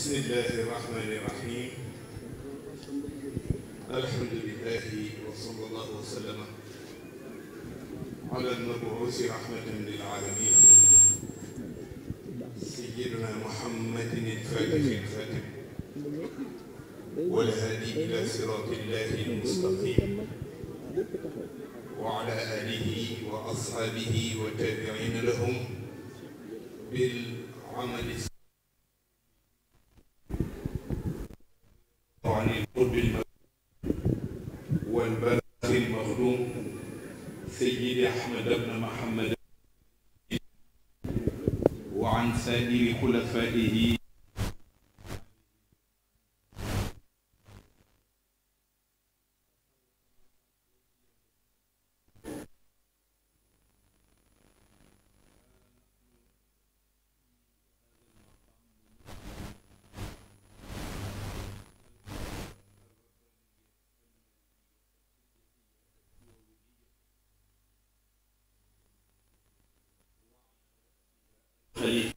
بسم الله الرحمن الرحيم الحمد لله وصلى الله وسلم على المبعوث رحمة للعالمين سيدنا محمد الفاتح الفاتح والهادي إلى صراط الله المستقيم وعلى آله وأصحابه وتابعين لهم بالعمل سيدي أحمد بن محمد وعن سائر خلفائه وباسم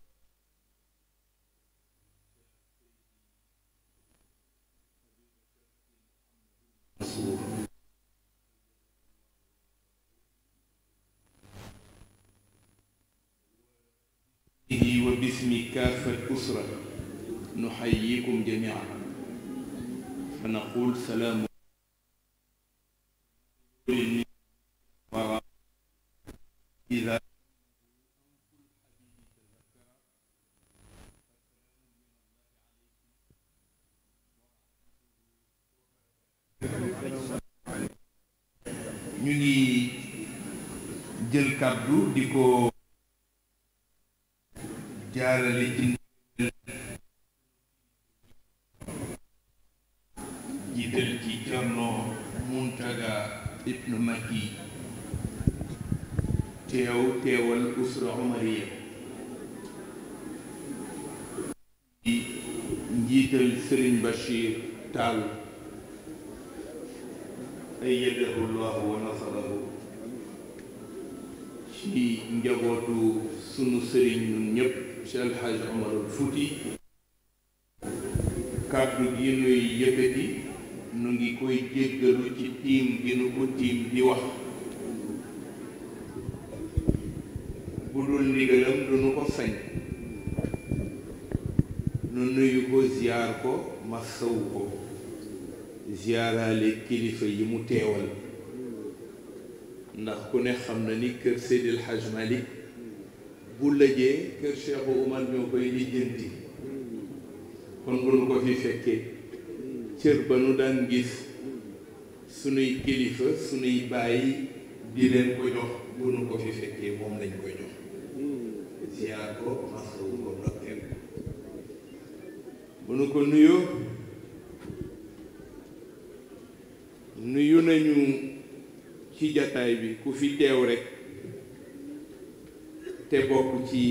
كافة الأسرة نحييكم جميعا فنقول سلام kàddu di ko jaarale ci jiital ci Cerno Muntaga ibnu Makki teew teewal usra omariya njiital Sëriñ Bachir Tall ayyadahu llahu wa nasarahu ci njabootu sunu sëriñ ñun ñëpp ci alxaaj Omarul Fuuti kàddu gi nuy yëkkati nu ngi koy jéggalu ci tiim gi nu ko tiim di wax bu dul ndigalam du nu ko sañ nu nuyu ko ziyaar ko masawu ko ziyaaraale kilifa yi mu teewal ndax ku ne xam na ni kër Seydil Hadj Malick bu lëjee kër Cheikh Oumar ñoo koy lijjanti kon bu nu ko fi fekkee cër ba nu daan gis sunuy kilifa sunuy bàyyi di leen ko jox bu nu ko fi fekkee moom lañ koy jox ko bu nu ko nuyoo nuyu nañu ci jotaay bi ku fi teew rek te bokk ci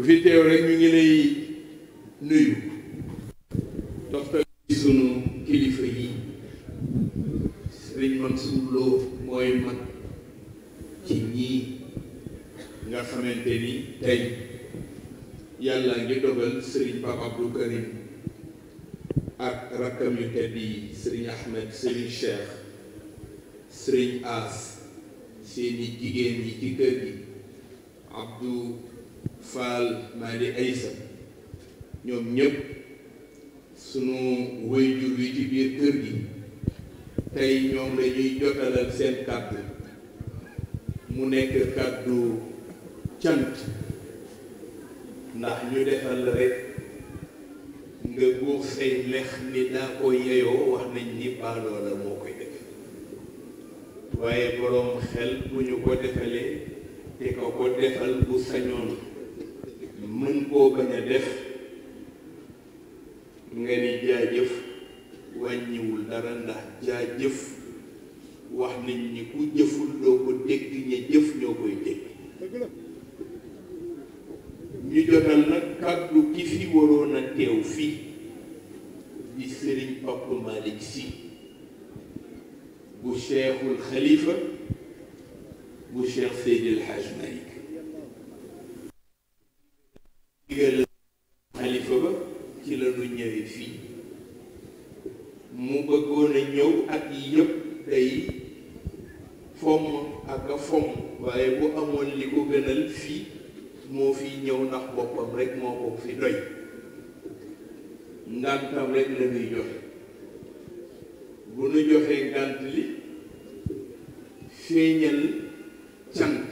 ku fi rek ñu ngi lay nuyu toppal ci kilifa yi Sëriñ Mansuur Lo mooy mag ci ñii nga xamante ni tey yàlla ngi dogal Sëriñ Pape Abdou Karim ak rakkam yu yi Sëriñ Ahmed Sëriñ Cheikh Sëriñ As seeni jigéen yi ci kër gi Abdou Fall Madi Aïssa ñoom ñëpp sunu wayjur yi ci biir kër gi tey ñoom lañuy jotalal seen kàddu mu nekk kàddu cant ndax ñu defal rek nga góor say lex ni daa ko yeyoo wax nañ ni baaloo la moo koy def waaye boroom xel bu ñu ko defalee te ko ko defal bu sañoon mën koo bañ a def nga ni jaajëf wàññiwul dara ndax jaajëf wax nañ ni ku jëful doo ko dégg ña jëf ñoo koy dégg ñu jotal nag kàddu ki fi waroon a teew fii di sëriñ Papa Malick Sy bu cheikhul xalifa bu cheikh Seydil Hadj Malick fomm ak a fomm waaye bu amoon li ko gënal fii moo fi ñëw ndax boppam rek moo ko fi doy ngàntam rek la joxe bu nu joxee ngànt li feeñal cant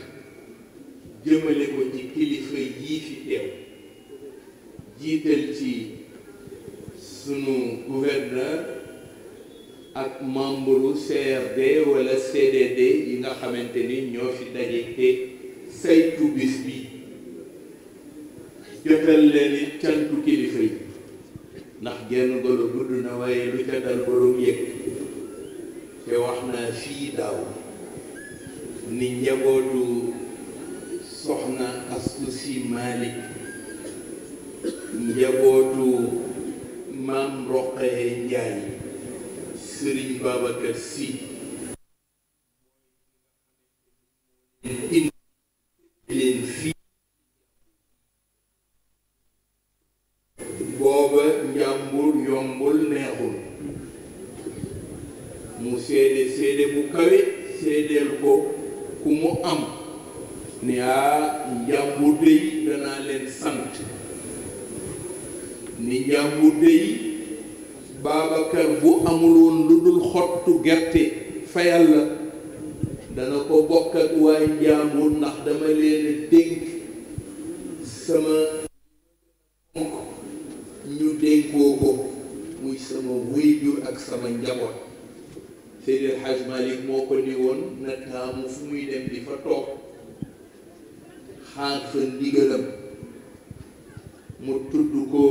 jëmale ko ci kilifa yii fi teew jiital ci sunu gouverneur ak membre CRD wala CDD yi nga xamante ni ñoo fi daje te saytu bis bi jotal leen it cantu kilifa yi ndax genn golo gudd na waaye lu ca dal borom yëg te wax naa fii daaw ni njabootu soxna Astou Sy Malick njabootu maam Roqee Njaay sëriñ Babacar si leen fii booba njàmbur yombul neexul mu seede seede bu kawe seedeel ko ku mu am ne aa njàmbur dey danaa leen sant ni njàmbur dey Babacar bu amul woon lu dul xottu gerte fayal la dana ko bokk ak waay ndax dama leen dénk sama onk ñu dénkoo ko muy ak sama njaboot Seydil Hadj Malick moo ko ni woon nataamu fu muy dem di fa toog xaar fa ndigalam mu tudd ko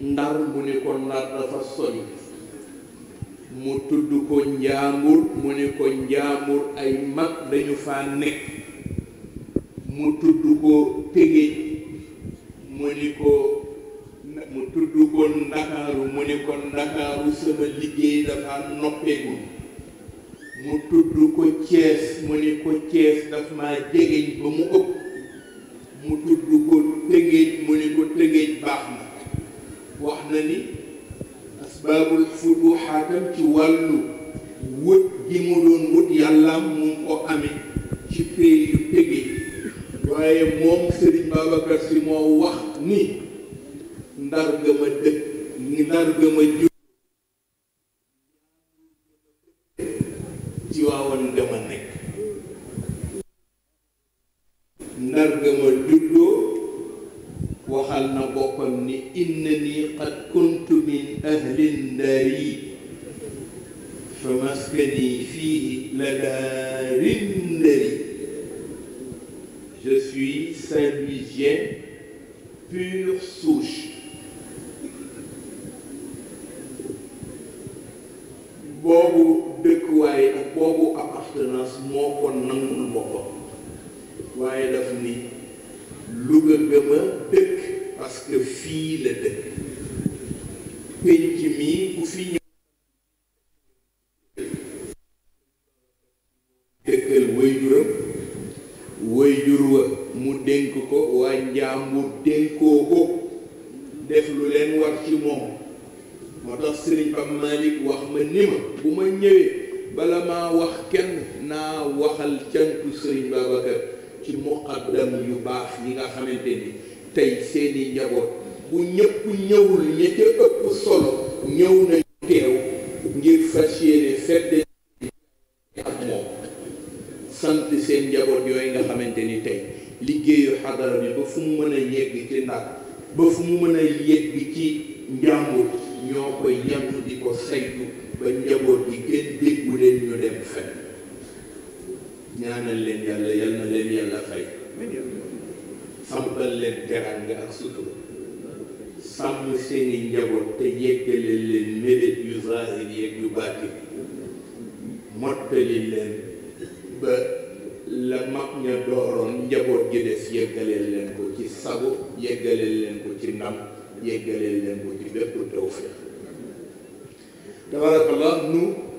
ndar mu ni ko ndar dafa sori mu tudd ko njaambur mu ni ko njaambur ay mag dañu faa nekk mu tudd ko tëgéej mu ni ko mu tudd ko ndakaaru mu ni ko ndakaaru sama liggéey dafa noppeegul mu tudd ko cees mu ni ko cees daf maa jegeñ ba mu ëpp mu tudd asbaabul futuxaatam ci wàllu wut gi mu doon wut yàlla mu ngi amee ci pays yu tege waaye moom sëriñ Babacar si moo wax ni ndar ga ma dëkk ndar ga ma أهل النار فمسكني فيه لدار النار Je suis Saint-Louisien, pure souche. Bobo dëkkuwaay ak boobu appartenance moo ko nangul bobo. waaye daf ni Louga gëma dëkk parce que fii le dëkk dooba njàmbur dénkoo ko def lu leen war ci moom moo tax sëriñ Pape Malick wax ma ni ma bu ma ñëwee bala maa wax kenn naa waxal cantu sëriñ Babacar ci muqaddam yu baax yi nga xamante ni tey seeni njaboot bu ñëpp ñëwul ña ca ëpp solo ñëw nañ ñaana leen yàlla yal na leen yàlla fay sampal leen teranga ak sutura sàmm seeni njaboot te yeggale leen mébét yu zaahir yeeg yu baatin mottali leen ba la mag ña dooroon njaboot gi des yeggaleel leen ko ci sago yeggaleel leen ko ci ndam yeggaleel leen ko ci bépp tawfiq tabarakallah nu